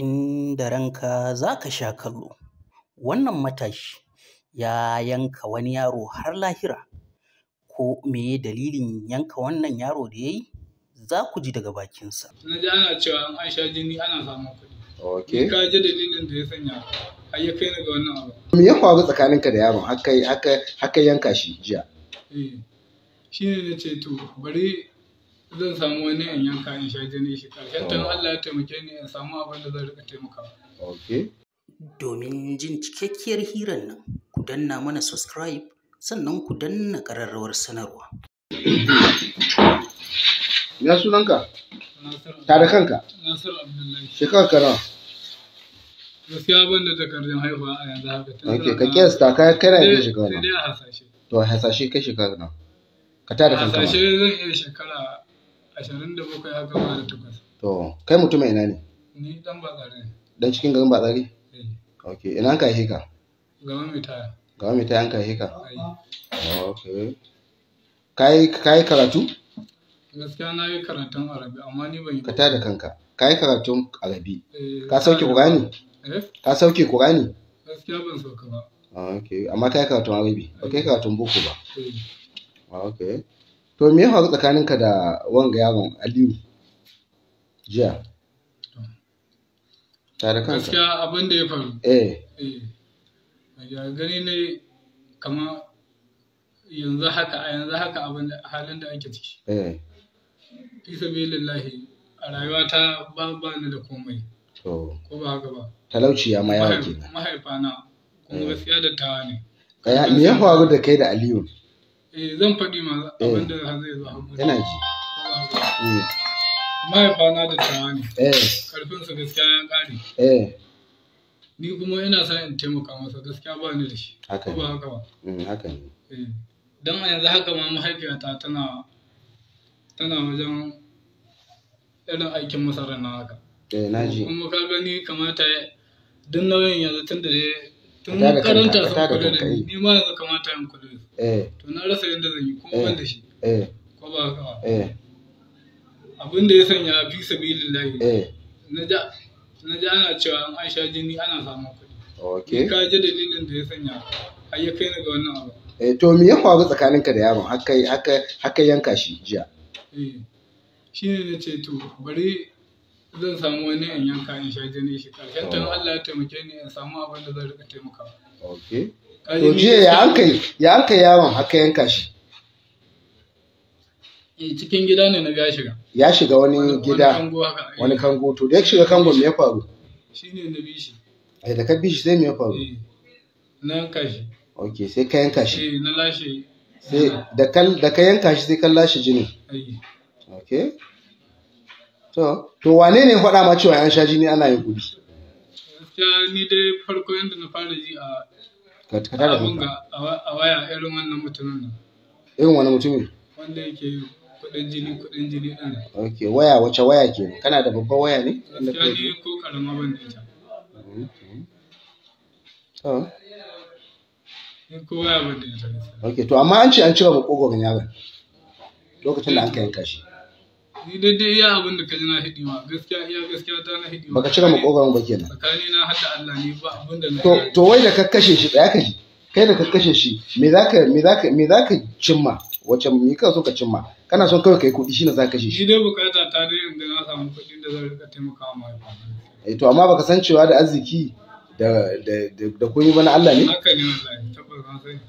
inda ranka za ka sha kallo. Wannan matashi ya yanka wani yaro har lahira, ko me dalilin yanka wannan yaro da ya yi? Za ku ji daga bakinsa. Na ji ana cewa an Aisha jini ana samun kuɗi. Ok. Ka ji dalilin da ya sanya har ya kai ni ga wannan abu. Me ya faru tsakaninka da yaron haka yanka shi jiya? Eh, shi ne na ce to bari zan samu wani yan yanka in sha jini shi karshen tun Allah ya taimake ni in samu abin da zan rika taimakawa. Domin jin cikakkiyar hirar nan, ku danna mana subscribe sannan ku danna ƙararrawar sanarwa. Ya sunanka? Tare kanka? Nasir Abdullahi. Shekara kara? Gaskiya ban da takardun haifa a yanzu haka. Ok, ka kiyasta ka kana yin shekara. Sai dai a hasashe. To hasashe kai shekara nan. Ka tare kanka. Hasashe zan iya shekara ashirin da bakwai haka ba da takwas to kai mutum ina ne ni dan batsari ne dan cikin garin batsari Eh. ok ina an kai ka gama mai taya gama mai taya an kai ka ok kai kai karatu gaskiya na yi karatun arabi amma ni ban yi ka tada kanka ka karatun arabi Eh, ka sauke qur'ani eh? ka sauke qur'ani gaskiya ban sauka ba ok amma ka karatun arabi ba kai karatun boko ba eh. ok to me ya faru tsakaninka da wanga yaron aliyu jiya tare kansa gaskiya abin da ya faru eh, eh. gani ne kama yanzu haka a yanzu haka abin halin da ake ciki eh fi lillahi a rayuwata ba ba ni da komai ko ba haka ba talauci ya ma yawa kenan mahaifa na kuma eh. gaskiya da tawa ne me ya faru da kai da aliyu Eh, zan faɗi ma abin da eh. zai zo hagu yana ji eh. mm. mahaifa na da tsawa ne karfin su gaskiya ya ƙare ni kuma ina sa in taimaka masa gaskiya ba ni da shi haka ba haka ba mm, haka ne don a yanzu haka ma mahaifiyata tana tana wajen irin aikin masarar na haka eh na ji kuma ka gani kamata duk nauyin yanzu tun da dai tun karanta sun kula da ni Ni ma yanzu kamata in kula da eh. to na rasa yadda zan yi kuma ban da shi eh. Eh. ko ba ka ba abin da ya sanya fi sabilillahi na ja na ji ana cewa an Aisha jini ana samun kuɗi okay ka ji dalilin da ya sanya har ya kai ni ga wannan abu eh to me ya faru tsakaninka da yaron haka haka haka yanka shi jiya eh shine ce to bari zan samu wani yan yanka in sha jini shi karshen tun Allah ya taimake ni in samu abin da zan rika taimakawa okay to jiya ya anka ya anka yaron haka yanka shi Eh cikin gida ne na ga shiga ya shiga wani gida eh. wani kango to da ya shiga kangon me ya faru shine na bi shi ai eh, da ka bi shi sai me ya faru e, na yanka shi okay sai ka yanka shi eh na lashe sai da ka yanka shi sai ka lashe jini okay to wane ne faɗa ma cewa an sha jini ana yin gumi ni a waya irin wani mutumin yi ok waya wace waya ke kana da babban waya ne ko waya ban da ita ok to amma an ce an cire makogoron yaron lokacin da an ka yanka shi ni dai dai iya abin da kaji na hidi ma gaskiya iya gaskiya ta na hidi baka cire makogaron ba kenan tsakani na hadda Allah ne ba abin da na to to wai da kakkashe shi tsaya kaji kai da kakkashe shi me zaka me zaka me zaka cimma wacce me ka so ka cimma kana son kawai kai kuɗi shine zaka shi dai bukata ta dai inda na samu kuɗin da zan rika ma eh, to amma baka san cewa da arziki da da da koyi Allah ne haka ne wallahi tabbas na sani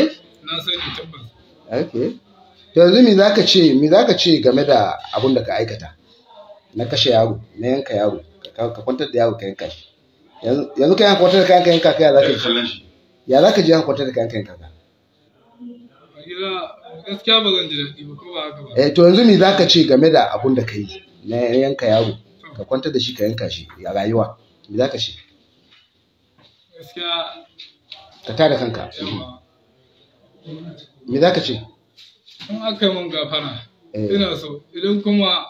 eh na sani tabbas okay to yanzu me zaka ce mi zaka ce game da abun da ka aikata na kashe yaro na yanka yaro ka kwantar da yaro ka yanka shi yanzu ka yanka kwantar da kayan ka yanka ka ya zaka ji ya zaka ji yanka kwantar da kayan ka yanka ka gaskiya ba zan ji daɗi ba ko ba haka ba eh to yanzu me zaka ce game da abun da kai na yanka yaro ka kwantar da shi ka yanka shi a rayuwa me zaka ce gaskiya ka tada kanka me zaka ce in aka yi gafara eh. ina so idan kuma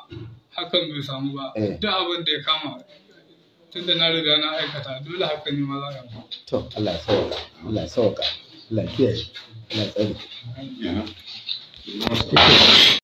hakan bai samu ba eh. duk abin da ya kama tunda na riga na aikata dole hakan ne ma za ka to